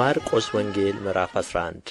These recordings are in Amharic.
የማርቆስ ወንጌል ምዕራፍ 11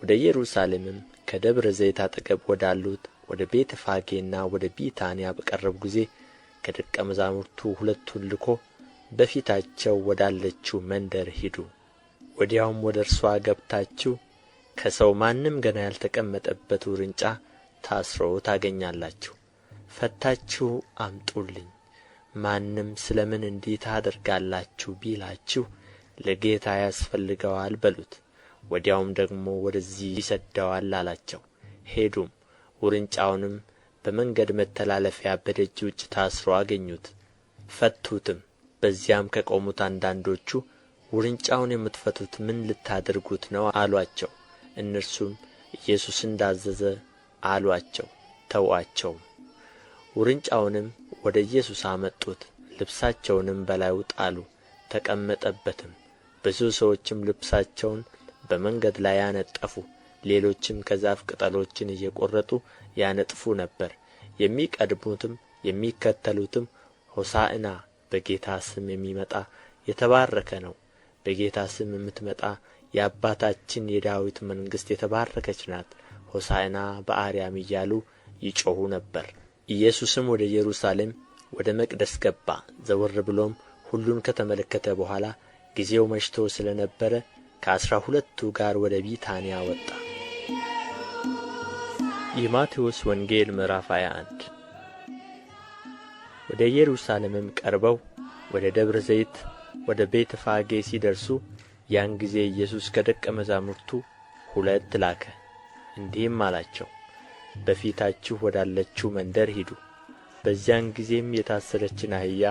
ወደ ኢየሩሳሌምም ከደብረ ዘይት አጠገብ ወዳሉት ወደ ቤተ ፋጌና ወደ ቢታንያ በቀረቡ ጊዜ ከደቀ መዛሙርቱ ሁለቱን ልኮ በፊታቸው ወዳለችው መንደር ሂዱ። ወዲያውም ወደ እርሷ ገብታችሁ ከሰው ማንም ገና ያልተቀመጠበት ውርንጫ ታስሮ ታገኛላችሁ። ፈታችሁ አምጡልኝ። ማንም ስለ ምን እንዲህ ታደርጋላችሁ ቢላችሁ ለጌታ ያስፈልገዋል በሉት ወዲያውም ደግሞ ወደዚህ ይሰደዋል አላቸው ሄዱም ውርንጫውንም በመንገድ መተላለፊያ በደጅ ውጭ ታስሮ አገኙት ፈቱትም በዚያም ከቆሙት አንዳንዶቹ ውርንጫውን የምትፈቱት ምን ልታደርጉት ነው አሏቸው እነርሱም ኢየሱስ እንዳዘዘ አሏቸው ተዋቸውም? ውርንጫውንም ወደ ኢየሱስ አመጡት ልብሳቸውንም በላዩ ጣሉ ተቀመጠበትም ብዙ ሰዎችም ልብሳቸውን በመንገድ ላይ አነጠፉ ሌሎችም ከዛፍ ቅጠሎችን እየቈረጡ ያነጥፉ ነበር የሚቀድሙትም የሚከተሉትም ሆሳእና በጌታ ስም የሚመጣ የተባረከ ነው በጌታ ስም የምትመጣ የአባታችን የዳዊት መንግሥት የተባረከች ናት ሆሳእና በአርያም እያሉ ይጮኹ ነበር ኢየሱስም ወደ ኢየሩሳሌም ወደ መቅደስ ገባ ዘወር ብሎም ሁሉን ከተመለከተ በኋላ ጊዜው መሽቶ ስለ ነበረ ከአሥራ ሁለቱ ጋር ወደ ቢታንያ ወጣ። የማቴዎስ ወንጌል ምዕራፍ 21 ወደ ኢየሩሳሌምም ቀርበው ወደ ደብረ ዘይት ወደ ቤተ ፋጌ ሲደርሱ ያን ጊዜ ኢየሱስ ከደቀ መዛሙርቱ ሁለት ላከ፣ እንዲህም አላቸው በፊታችሁ ወዳለችው መንደር ሂዱ። በዚያን ጊዜም የታሰረችን አህያ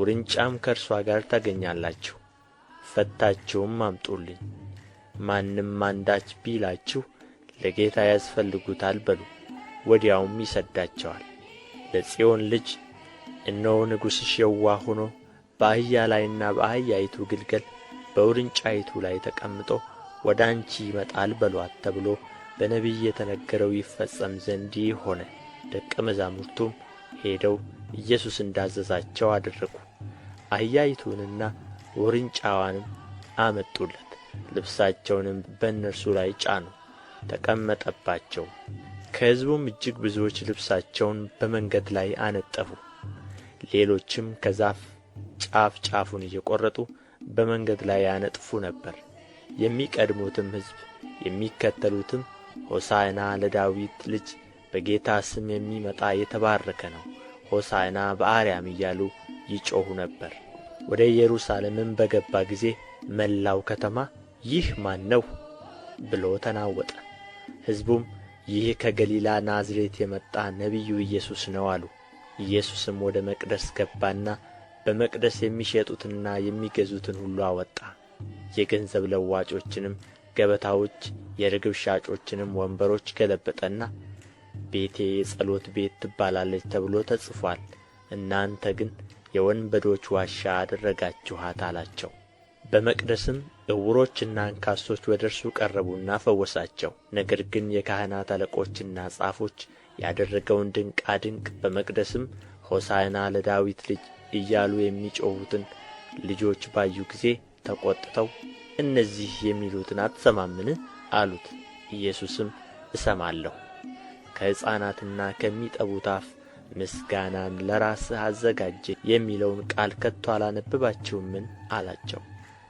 ውርንጫም ከእርሷ ጋር ታገኛላችሁ። ፈታችሁም አምጡልኝ። ማንም አንዳች ቢላችሁ ለጌታ ያስፈልጉታል በሉ፣ ወዲያውም ይሰዳቸዋል። ለጽዮን ልጅ እነሆ ንጉሥሽ የዋህ ሆኖ በአህያ ላይና በአህያይቱ ግልገል በውርንጫይቱ ላይ ተቀምጦ ወደ አንቺ ይመጣል በሏት ተብሎ በነቢይ የተነገረው ይፈጸም ዘንድ ይህ ሆነ። ደቀ መዛሙርቱም ሄደው ኢየሱስ እንዳዘዛቸው አደረጉ። አህያይቱንና ውርንጫዋንም አመጡለት ልብሳቸውንም በእነርሱ ላይ ጫኑ ተቀመጠባቸው ከሕዝቡም እጅግ ብዙዎች ልብሳቸውን በመንገድ ላይ አነጠፉ ሌሎችም ከዛፍ ጫፍ ጫፉን እየቈረጡ በመንገድ ላይ ያነጥፉ ነበር የሚቀድሙትም ሕዝብ የሚከተሉትም ሆሳዕና ለዳዊት ልጅ በጌታ ስም የሚመጣ የተባረከ ነው ሆሳዕና በአርያም እያሉ ይጮኹ ነበር ወደ ኢየሩሳሌምም በገባ ጊዜ መላው ከተማ ይህ ማን ነው ብሎ ተናወጠ። ሕዝቡም ይህ ከገሊላ ናዝሬት የመጣ ነቢዩ ኢየሱስ ነው አሉ። ኢየሱስም ወደ መቅደስ ገባና በመቅደስ የሚሸጡትና የሚገዙትን ሁሉ አወጣ። የገንዘብ ለዋጮችንም ገበታዎች፣ የርግብ ሻጮችንም ወንበሮች ገለበጠና ቤቴ የጸሎት ቤት ትባላለች ተብሎ ተጽፏል፣ እናንተ ግን የወንበዶች ዋሻ አደረጋችኋት አላቸው። በመቅደስም ዕውሮችና አንካሶች ወደ እርሱ ቀረቡና ፈወሳቸው። ነገር ግን የካህናት አለቆችና ጻፎች ያደረገውን ድንቃ ድንቅ በመቅደስም ሆሳዕና ለዳዊት ልጅ እያሉ የሚጮኹትን ልጆች ባዩ ጊዜ ተቈጥተው እነዚህ የሚሉትን አትሰማምን? አሉት። ኢየሱስም እሰማለሁ፣ ከሕፃናትና ከሚጠቡት አፍ ምስጋናን ለራስህ አዘጋጀ የሚለውን ቃል ከቶ አላነብባችሁምን አላቸው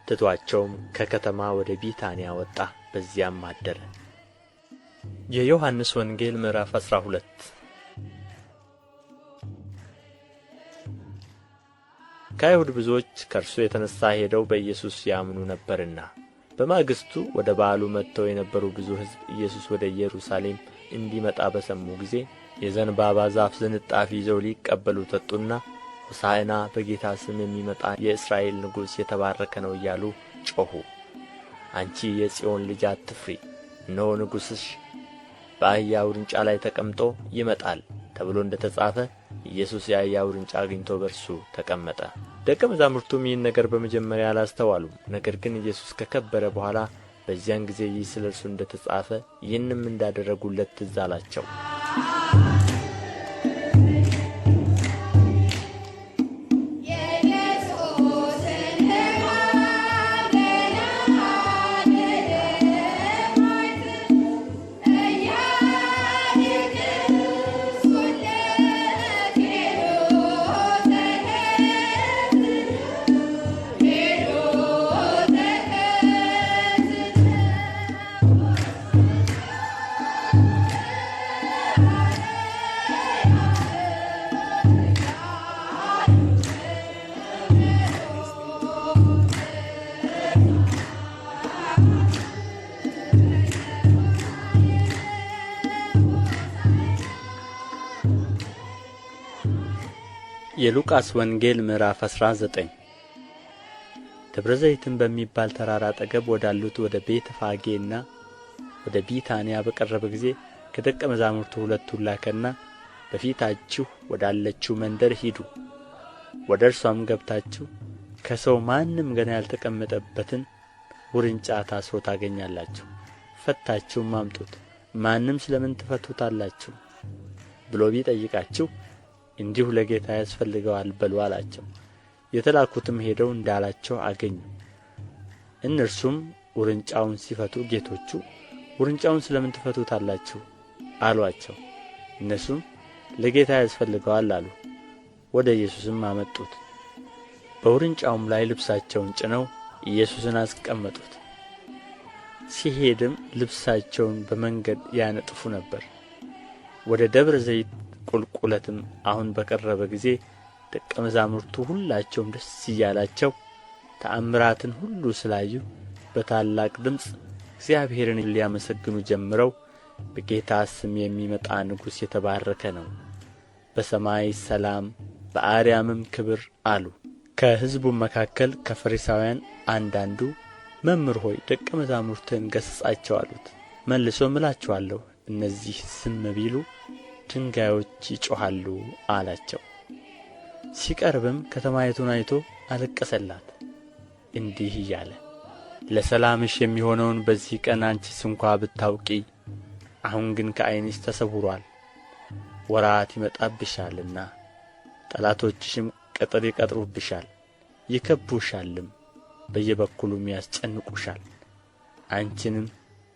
ትቶአቸውም ከከተማ ወደ ቢታንያ ወጣ በዚያም አደረ የዮሐንስ ወንጌል ምዕራፍ 12 ሁለት ከአይሁድ ብዙዎች ከእርሱ የተነሣ ሄደው በኢየሱስ ያምኑ ነበርና በማግስቱ ወደ በዓሉ መጥተው የነበሩ ብዙ ሕዝብ ኢየሱስ ወደ ኢየሩሳሌም እንዲመጣ በሰሙ ጊዜ የዘንባባ ዛፍ ዝንጣፊ ይዘው ሊቀበሉ ተጡና ሆሣዕና በጌታ ስም የሚመጣ የእስራኤል ንጉሥ የተባረከ ነው እያሉ ጮኹ። አንቺ የጽዮን ልጅ አትፍሪ፣ እነሆ ንጉሥሽ በአህያ ውርንጫ ላይ ተቀምጦ ይመጣል ተብሎ እንደ ተጻፈ ኢየሱስ የአህያ ውርንጫ አግኝቶ በእርሱ ተቀመጠ። ደቀ መዛሙርቱም ይህን ነገር በመጀመሪያ አላስተዋሉም። ነገር ግን ኢየሱስ ከከበረ በኋላ በዚያን ጊዜ ይህ ስለ እርሱ እንደ ተጻፈ ይህንም እንዳደረጉለት ትዝ አላቸው። የሉቃስ ወንጌል ምዕራፍ 19 ደብረ ዘይትም በሚባል ተራራ አጠገብ ወዳሉት ወደ ቤተ ፋጌና ወደ ቢታንያ በቀረበ ጊዜ ከደቀ መዛሙርቱ ሁለቱን ላከና በፊታችሁ ወዳለችው መንደር ሂዱ፣ ወደ እርሷም ገብታችሁ ከሰው ማንም ገና ያልተቀመጠበትን ውርንጫ ታስሮ ታገኛላችሁ፣ ፈታችሁም አምጡት። ማንም ስለምን ምን ትፈቱታላችሁ ብሎ ቢጠይቃችሁ እንዲሁ ለጌታ ያስፈልገዋል በሉ አላቸው የተላኩትም ሄደው እንዳላቸው አገኙ እነርሱም ውርንጫውን ሲፈቱ ጌቶቹ ውርንጫውን ስለ ምን ትፈቱታላችሁ አሏቸው እነርሱም ለጌታ ያስፈልገዋል አሉ ወደ ኢየሱስም አመጡት በውርንጫውም ላይ ልብሳቸውን ጭነው ኢየሱስን አስቀመጡት ሲሄድም ልብሳቸውን በመንገድ ያነጥፉ ነበር ወደ ደብረ ዘይት ቁልቁለትም አሁን በቀረበ ጊዜ ደቀ መዛሙርቱ ሁላቸውም ደስ እያላቸው ተአምራትን ሁሉ ስላዩ በታላቅ ድምፅ እግዚአብሔርን ሊያመሰግኑ ጀምረው በጌታ ስም የሚመጣ ንጉሥ የተባረከ ነው፣ በሰማይ ሰላም በአርያምም ክብር አሉ። ከሕዝቡ መካከል ከፈሪሳውያን አንዳንዱ መምህር ሆይ ደቀ መዛሙርትህን ገሥጻቸው አሉት። መልሶም እላችኋለሁ እነዚህ ዝም ቢሉ ድንጋዮች ይጮኻሉ አላቸው ሲቀርብም ከተማይቱን አይቶ አለቀሰላት እንዲህ እያለ ለሰላምሽ የሚሆነውን በዚህ ቀን አንቺ ስንኳ ብታውቂ፣ አሁን ግን ከዐይንሽ ተሰውሮአል። ወራት ይመጣብሻልና ጠላቶችሽም ቅጥር ይቀጥሩብሻል፣ ይከቡሻልም፣ በየበኩሉም ያስጨንቁሻል። አንቺንም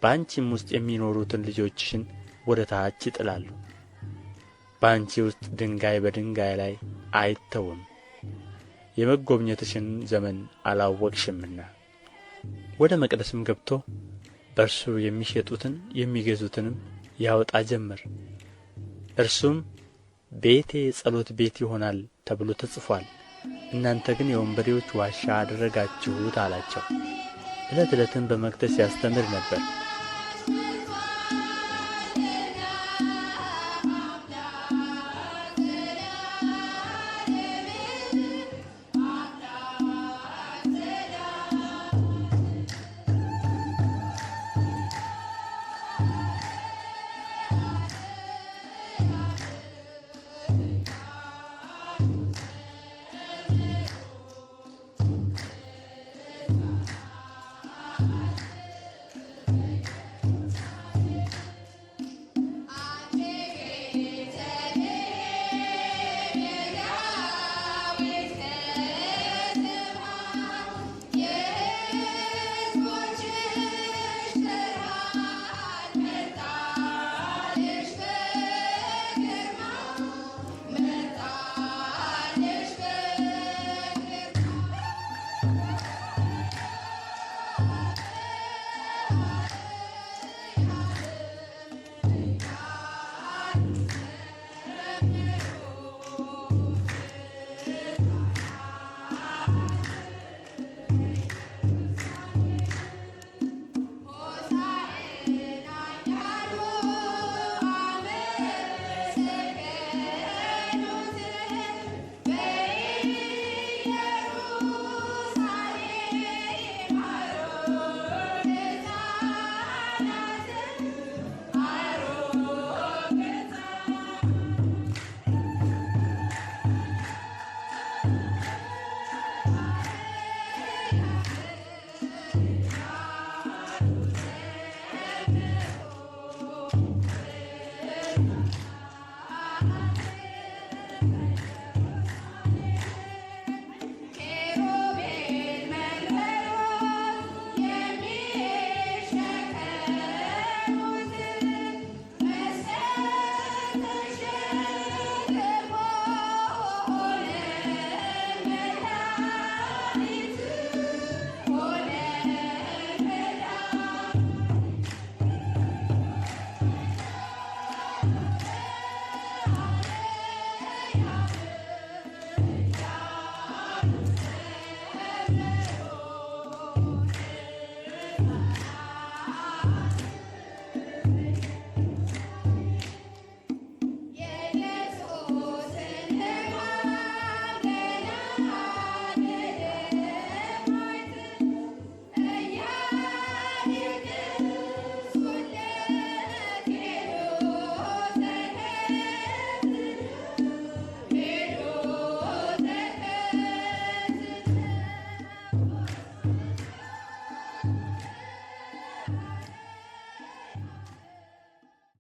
በአንቺም ውስጥ የሚኖሩትን ልጆችሽን ወደ ታች ይጥላሉ። በአንቺ ውስጥ ድንጋይ በድንጋይ ላይ አይተውም የመጎብኘትሽን ዘመን አላወቅሽምና ወደ መቅደስም ገብቶ በእርሱ የሚሸጡትን የሚገዙትንም ያወጣ ጀመር እርሱም ቤቴ የጸሎት ቤት ይሆናል ተብሎ ተጽፏል እናንተ ግን የወንበዴዎች ዋሻ አደረጋችሁት አላቸው ዕለት ዕለትም በመቅደስ ያስተምር ነበር